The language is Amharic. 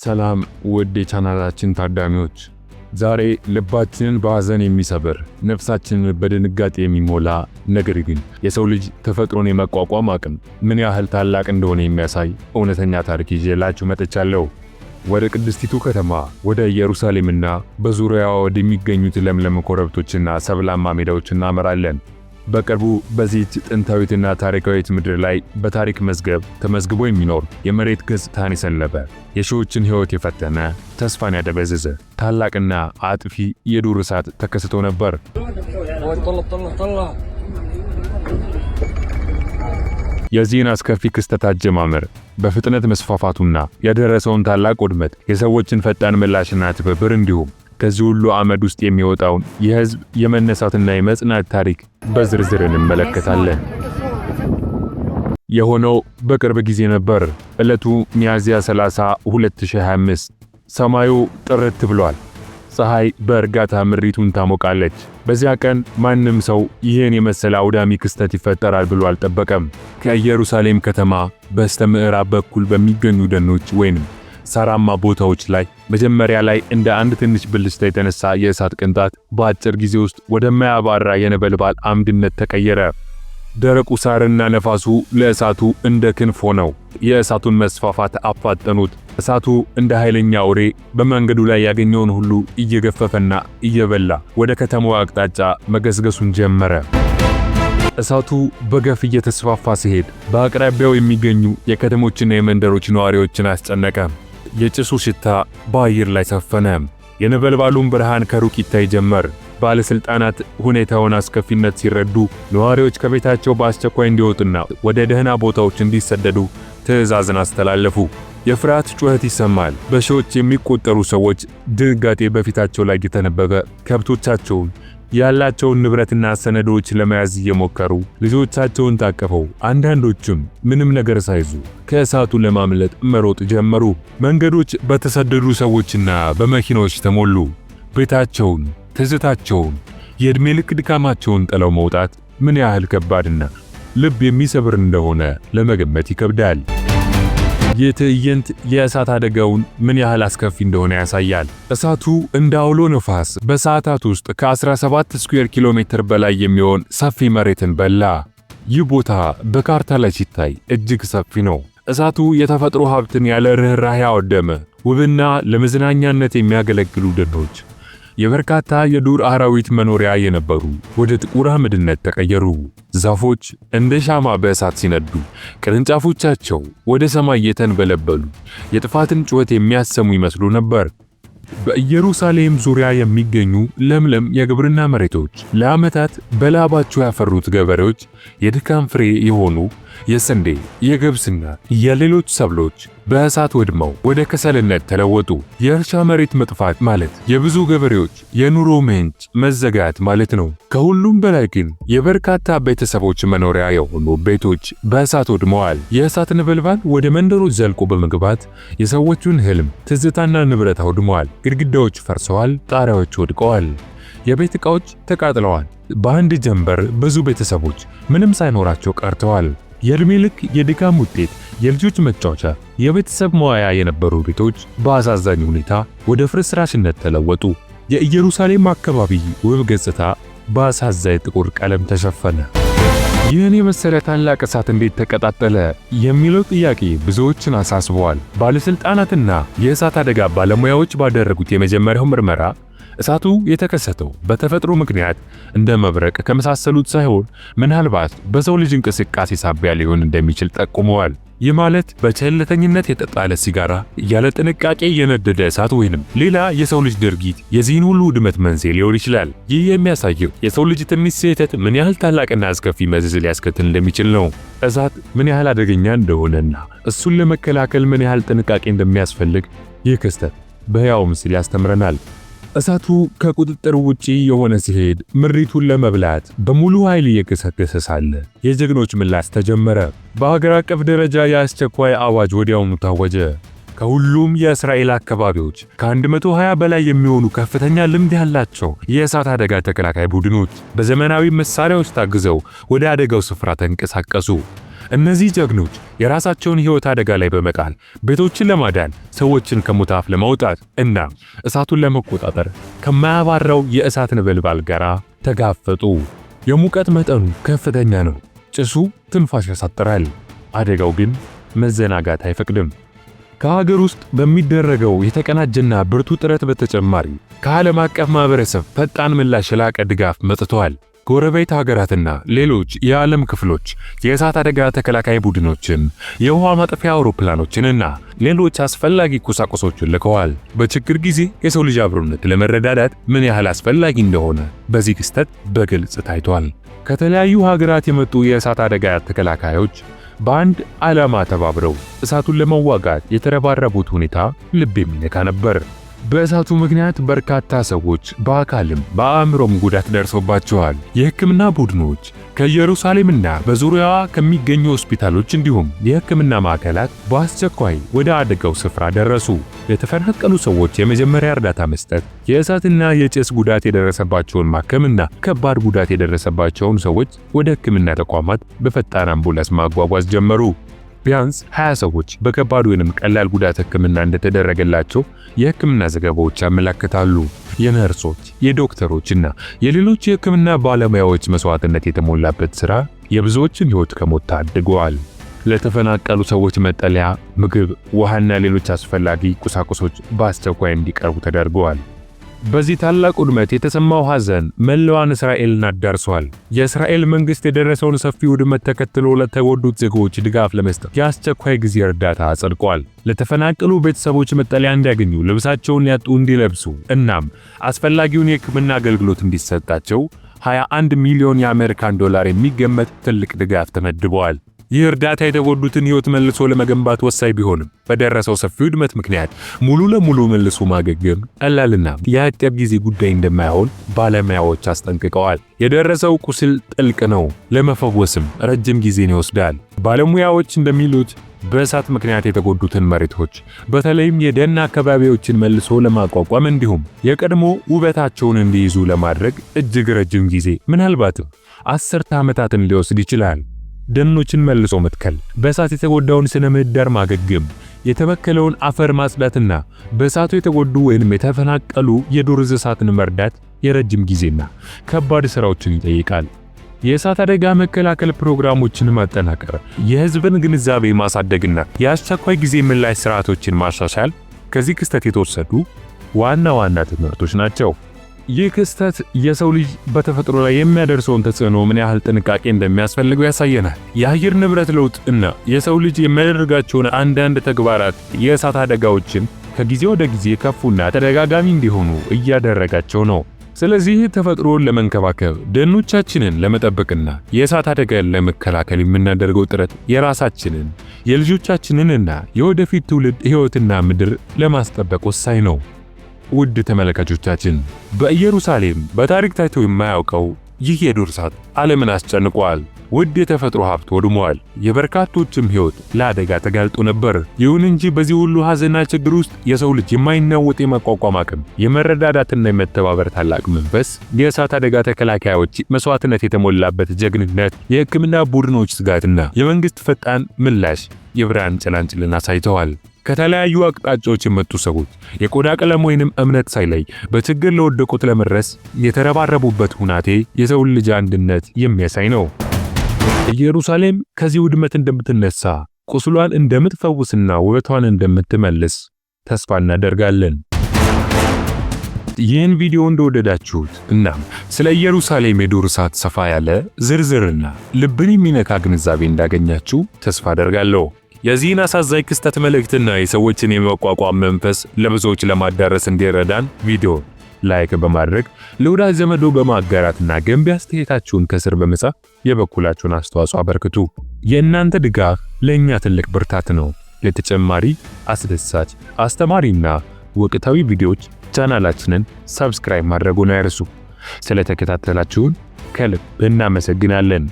ሰላም ውድ የቻናላችን ታዳሚዎች፣ ዛሬ ልባችንን በሐዘን የሚሰብር ነፍሳችንን በድንጋጤ የሚሞላ ነገር ግን የሰው ልጅ ተፈጥሮን የመቋቋም አቅም ምን ያህል ታላቅ እንደሆነ የሚያሳይ እውነተኛ ታሪክ ይዤላችሁ መጥቻለሁ። ወደ ቅድስቲቱ ከተማ ወደ ኢየሩሳሌምና በዙሪያዋ ወደሚገኙት ለምለም ኮረብቶችና ሰብላማ ሜዳዎች እናመራለን። በቅርቡ በዚህች ጥንታዊትና ታሪካዊት ምድር ላይ በታሪክ መዝገብ ተመዝግቦ የሚኖር የመሬት ገጽታን የሰለበ የሺዎችን ሕይወት የፈተነ ተስፋን ያደበዘዘ ታላቅና አጥፊ የዱር እሳት ተከስቶ ነበር። የዚህን አስከፊ ክስተት አጀማመር በፍጥነት መስፋፋቱና የደረሰውን ታላቅ ውድመት፣ የሰዎችን ፈጣን ምላሽና ትብብር እንዲሁም ከዚህ ሁሉ አመድ ውስጥ የሚወጣውን የህዝብ የመነሳትና የመጽናት ታሪክ በዝርዝር እንመለከታለን። የሆነው በቅርብ ጊዜ ነበር። ዕለቱ ሚያዝያ 30 2025። ሰማዩ ጥርት ብሏል። ፀሐይ በእርጋታ ምድሪቱን ታሞቃለች። በዚያ ቀን ማንም ሰው ይህን የመሰለ አውዳሚ ክስተት ይፈጠራል ብሎ አልጠበቀም። ከኢየሩሳሌም ከተማ በስተ ምዕራብ በኩል በሚገኙ ደኖች ወይንም ሳራማ ቦታዎች ላይ መጀመሪያ ላይ እንደ አንድ ትንሽ ብልጭታ የተነሳ የእሳት ቅንጣት በአጭር ጊዜ ውስጥ ወደማያባራ የነበልባል አምድነት ተቀየረ። ደረቁ ሳርና ነፋሱ ለእሳቱ እንደ ክንፍ ሆነው የእሳቱን መስፋፋት አፋጠኑት። እሳቱ እንደ ኃይለኛ አውሬ በመንገዱ ላይ ያገኘውን ሁሉ እየገፈፈና እየበላ ወደ ከተማዋ አቅጣጫ መገስገሱን ጀመረ። እሳቱ በገፍ እየተስፋፋ ሲሄድ በአቅራቢያው የሚገኙ የከተሞችና የመንደሮች ነዋሪዎችን አስጨነቀ። የጭሱ ሽታ በአየር ላይ ሰፈነ። የነበልባሉን ብርሃን ከሩቅ ይታይ ጀመር። ባለስልጣናት ሁኔታውን አስከፊነት ሲረዱ ነዋሪዎች ከቤታቸው በአስቸኳይ እንዲወጡና ወደ ደህና ቦታዎች እንዲሰደዱ ትዕዛዝን አስተላለፉ። የፍርሃት ጩኸት ይሰማል። በሺዎች የሚቆጠሩ ሰዎች ድንጋጤ በፊታቸው ላይ የተነበበ ከብቶቻቸውን ያላቸውን ንብረትና ሰነዶች ለመያዝ እየሞከሩ ልጆቻቸውን ታቀፈው፣ አንዳንዶቹም ምንም ነገር ሳይዙ ከእሳቱ ለማምለጥ መሮጥ ጀመሩ። መንገዶች በተሰደዱ ሰዎችና በመኪናዎች ተሞሉ። ቤታቸውን፣ ትዝታቸውን፣ የዕድሜ ልክ ድካማቸውን ጥለው መውጣት ምን ያህል ከባድና ልብ የሚሰብር እንደሆነ ለመገመት ይከብዳል። ይህ ትዕይንት የእሳት አደጋውን ምን ያህል አስከፊ እንደሆነ ያሳያል። እሳቱ እንደ አውሎ ነፋስ በሰዓታት ውስጥ ከ17 ስኩዌር ኪሎ ሜትር በላይ የሚሆን ሰፊ መሬትን በላ። ይህ ቦታ በካርታ ላይ ሲታይ እጅግ ሰፊ ነው። እሳቱ የተፈጥሮ ሀብትን ያለ ርኅራኄ አወደመ። ውብና ለመዝናኛነት የሚያገለግሉ ደኖች የበርካታ የዱር አራዊት መኖሪያ የነበሩ ወደ ጥቁር አመድነት ተቀየሩ። ዛፎች እንደ ሻማ በእሳት ሲነዱ፣ ቅርንጫፎቻቸው ወደ ሰማይ የተንበለበሉ የጥፋትን ጩኸት የሚያሰሙ ይመስሉ ነበር። በኢየሩሳሌም ዙሪያ የሚገኙ ለምለም የግብርና መሬቶች ለዓመታት በላባቸው ያፈሩት ገበሬዎች የድካም ፍሬ የሆኑ የስንዴ የገብስና የሌሎች ሰብሎች በእሳት ወድመው ወደ ከሰልነት ተለወጡ። የእርሻ መሬት መጥፋት ማለት የብዙ ገበሬዎች የኑሮ ምንጭ መዘጋት ማለት ነው። ከሁሉም በላይ ግን የበርካታ ቤተሰቦች መኖሪያ የሆኑ ቤቶች በእሳት ወድመዋል። የእሳት ነበልባል ወደ መንደሮች ዘልቆ በመግባት የሰዎቹን ህልም፣ ትዝታና ንብረት አውድመዋል። ግድግዳዎች ፈርሰዋል፣ ጣሪያዎች ወድቀዋል፣ የቤት ዕቃዎች ተቃጥለዋል። በአንድ ጀንበር ብዙ ቤተሰቦች ምንም ሳይኖራቸው ቀርተዋል። የእድሜ ልክ የድካም ውጤት የልጆች መጫወቻ፣ የቤተሰብ መዋያ የነበሩ ቤቶች በአሳዛኝ ሁኔታ ወደ ፍርስራሽነት ተለወጡ። የኢየሩሳሌም አካባቢ ውብ ገጽታ በአሳዛኝ ጥቁር ቀለም ተሸፈነ። ይህን የመሰለ ታላቅ እሳት እንዴት ተቀጣጠለ የሚለው ጥያቄ ብዙዎችን አሳስበዋል። ባለሥልጣናትና የእሳት አደጋ ባለሙያዎች ባደረጉት የመጀመሪያው ምርመራ እሳቱ የተከሰተው በተፈጥሮ ምክንያት እንደ መብረቅ ከመሳሰሉት ሳይሆን ምናልባት በሰው ልጅ እንቅስቃሴ ሳቢያ ሊሆን እንደሚችል ጠቁመዋል። ይህ ማለት በቸልተኝነት የተጣለ ሲጋራ፣ ያለ ጥንቃቄ የነደደ እሳት ወይንም ሌላ የሰው ልጅ ድርጊት የዚህን ሁሉ ውድመት መንስኤ ሊሆን ይችላል። ይህ የሚያሳየው የሰው ልጅ ትንሽ ስህተት ምን ያህል ታላቅና አስከፊ መዘዝ ሊያስከትል እንደሚችል ነው። እሳት ምን ያህል አደገኛ እንደሆነና እሱን ለመከላከል ምን ያህል ጥንቃቄ እንደሚያስፈልግ ይህ ክስተት በሕያው ምስል ያስተምረናል። እሳቱ ከቁጥጥር ውጪ የሆነ ሲሄድ ምሪቱን ለመብላት በሙሉ ኃይል እየገሰገሰ ሳለ የጀግኖች ምላሽ ተጀመረ። በሀገር አቀፍ ደረጃ የአስቸኳይ አዋጅ ወዲያውኑ ታወጀ። ከሁሉም የእስራኤል አካባቢዎች ከ120 በላይ የሚሆኑ ከፍተኛ ልምድ ያላቸው የእሳት አደጋ ተከላካይ ቡድኖች በዘመናዊ መሳሪያዎች ታግዘው ወደ አደጋው ስፍራ ተንቀሳቀሱ። እነዚህ ጀግኖች የራሳቸውን ሕይወት አደጋ ላይ በመጣል ቤቶችን ለማዳን ሰዎችን ከሞት አፍ ለማውጣት እና እሳቱን ለመቆጣጠር ከማያባራው የእሳት ነበልባል ጋር ተጋፈጡ። የሙቀት መጠኑ ከፍተኛ ነው። ጭሱ ትንፋሽ ያሳጥራል። አደጋው ግን መዘናጋት አይፈቅድም። ከሀገር ውስጥ በሚደረገው የተቀናጀና ብርቱ ጥረት በተጨማሪ ከዓለም አቀፍ ማህበረሰብ ፈጣን ምላሽ የላቀ ድጋፍ መጥተዋል። ጎረቤት ሀገራትና ሌሎች የዓለም ክፍሎች የእሳት አደጋ ተከላካይ ቡድኖችን፣ የውሃ ማጠፊያ አውሮፕላኖችንና ሌሎች አስፈላጊ ቁሳቁሶችን ልከዋል። በችግር ጊዜ የሰው ልጅ አብሮነት ለመረዳዳት ምን ያህል አስፈላጊ እንደሆነ በዚህ ክስተት በግልጽ ታይቷል። ከተለያዩ ሀገራት የመጡ የእሳት አደጋ ተከላካዮች በአንድ ዓላማ ተባብረው እሳቱን ለመዋጋት የተረባረቡት ሁኔታ ልብ የሚነካ ነበር። በእሳቱ ምክንያት በርካታ ሰዎች በአካልም በአእምሮም ጉዳት ደርሶባቸዋል። የሕክምና ቡድኖች ከኢየሩሳሌምና በዙሪያዋ ከሚገኙ ሆስፒታሎች እንዲሁም የሕክምና ማዕከላት በአስቸኳይ ወደ አደጋው ስፍራ ደረሱ። ለተፈናቀሉ ሰዎች የመጀመሪያ እርዳታ መስጠት፣ የእሳትና የጭስ ጉዳት የደረሰባቸውን ማከምና ከባድ ጉዳት የደረሰባቸውን ሰዎች ወደ ሕክምና ተቋማት በፈጣን አምቡላንስ ማጓጓዝ ጀመሩ። ቢያንስ 20 ሰዎች በከባድ ወይንም ቀላል ጉዳት ህክምና እንደተደረገላቸው የህክምና ዘገባዎች ያመለክታሉ። የነርሶች የዶክተሮች እና የሌሎች የህክምና ባለሙያዎች መስዋዕትነት የተሞላበት ሥራ የብዙዎችን ሕይወት ከሞት ታድገዋል። ለተፈናቀሉ ሰዎች መጠለያ፣ ምግብ፣ ውሃና ሌሎች አስፈላጊ ቁሳቁሶች በአስቸኳይ እንዲቀርቡ ተደርገዋል። በዚህ ታላቅ ውድመት የተሰማው ሐዘን መላዋን እስራኤልን አዳርሷል። የእስራኤል መንግሥት የደረሰውን ሰፊ ውድመት ተከትሎ ለተጎዱት ዜጎች ድጋፍ ለመስጠት የአስቸኳይ ጊዜ እርዳታ አጸድቋል። ለተፈናቀሉ ቤተሰቦች መጠለያ እንዲያገኙ፣ ልብሳቸውን ሊያጡ እንዲለብሱ፣ እናም አስፈላጊውን የሕክምና አገልግሎት እንዲሰጣቸው 21 ሚሊዮን የአሜሪካን ዶላር የሚገመት ትልቅ ድጋፍ ተመድበዋል። ይህ እርዳታ የተጎዱትን ሕይወት መልሶ ለመገንባት ወሳኝ ቢሆንም በደረሰው ሰፊ ውድመት ምክንያት ሙሉ ለሙሉ መልሶ ማገገም ቀላልና የአጭር ጊዜ ጉዳይ እንደማይሆን ባለሙያዎች አስጠንቅቀዋል። የደረሰው ቁስል ጥልቅ ነው፣ ለመፈወስም ረጅም ጊዜን ይወስዳል። ባለሙያዎች እንደሚሉት በእሳት ምክንያት የተጎዱትን መሬቶች በተለይም የደን አካባቢዎችን መልሶ ለማቋቋም እንዲሁም የቀድሞ ውበታቸውን እንዲይዙ ለማድረግ እጅግ ረጅም ጊዜ ምናልባትም አስርተ ዓመታትን ሊወስድ ይችላል። ደኖችን መልሶ መትከል፣ በእሳት የተጎዳውን ስነ ምህዳር ማገገም፣ የተበከለውን አፈር ማጽዳትና በእሳቱ የተጎዱ ወይንም የተፈናቀሉ የዱር እንስሳትን መርዳት የረጅም ጊዜና ከባድ ስራዎችን ይጠይቃል። የእሳት አደጋ መከላከል ፕሮግራሞችን ማጠናከር፣ የህዝብን ግንዛቤ ማሳደግና የአስቸኳይ ጊዜ ምላሽ ስርዓቶችን ማሻሻል ከዚህ ክስተት የተወሰዱ ዋና ዋና ትምህርቶች ናቸው። ይህ ክስተት የሰው ልጅ በተፈጥሮ ላይ የሚያደርሰውን ተጽዕኖ ምን ያህል ጥንቃቄ እንደሚያስፈልገው ያሳየናል። የአየር ንብረት ለውጥ እና የሰው ልጅ የሚያደርጋቸውን አንዳንድ ተግባራት የእሳት አደጋዎችን ከጊዜ ወደ ጊዜ ከፉና ተደጋጋሚ እንዲሆኑ እያደረጋቸው ነው። ስለዚህ ተፈጥሮን ለመንከባከብ ደኖቻችንን ለመጠበቅና የእሳት አደጋን ለመከላከል የምናደርገው ጥረት የራሳችንን የልጆቻችንንና የወደፊት ትውልድ ሕይወትና ምድር ለማስጠበቅ ወሳኝ ነው። ውድ ተመልካቾቻችን በኢየሩሳሌም በታሪክ ታይቶ የማያውቀው ይህ የዱር እሳት ዓለምን አስጨንቋል። ውድ የተፈጥሮ ሀብት ወድሟል። የበርካቶችም ሕይወት ለአደጋ ተጋልጦ ነበር። ይሁን እንጂ በዚህ ሁሉ ሀዘንና ችግር ውስጥ የሰው ልጅ የማይናወጥ የመቋቋም አቅም፣ የመረዳዳትና የመተባበር ታላቅ መንፈስ፣ የእሳት አደጋ ተከላካዮች መስዋዕትነት የተሞላበት ጀግንነት፣ የሕክምና ቡድኖች ስጋትና የመንግሥት ፈጣን ምላሽ የብርሃን ጭላንጭልን አሳይተዋል። ከተለያዩ አቅጣጫዎች የመጡ ሰዎች የቆዳ ቀለም ወይንም እምነት ሳይለይ በችግር ለወደቁት ለመድረስ የተረባረቡበት ሁናቴ የሰውን ልጅ አንድነት የሚያሳይ ነው። ኢየሩሳሌም ከዚህ ውድመት እንደምትነሳ፣ ቁስሏን እንደምትፈውስና ውበቷን እንደምትመልስ ተስፋ እናደርጋለን። ይህን ቪዲዮ እንደወደዳችሁት እናም ስለ ኢየሩሳሌም የዱር እሳት ሰፋ ያለ ዝርዝርና ልብን የሚነካ ግንዛቤ እንዳገኛችሁ ተስፋ አደርጋለሁ። የዚህን አሳዛኝ ክስተት መልእክትና የሰዎችን የመቋቋም መንፈስ ለብዙዎች ለማዳረስ እንዲረዳን ቪዲዮ ላይክ በማድረግ ለወዳጅ ዘመዶ በማጋራትና ገንቢ አስተያየታችሁን ከስር በመጻፍ የበኩላችሁን አስተዋጽኦ አበርክቱ። የእናንተ ድጋፍ ለእኛ ትልቅ ብርታት ነው። ለተጨማሪ አስደሳች፣ አስተማሪና ወቅታዊ ቪዲዮዎች ቻናላችንን ሰብስክራይብ ማድረጉን አይርሱ። ስለተከታተላችሁን ከልብ እናመሰግናለን።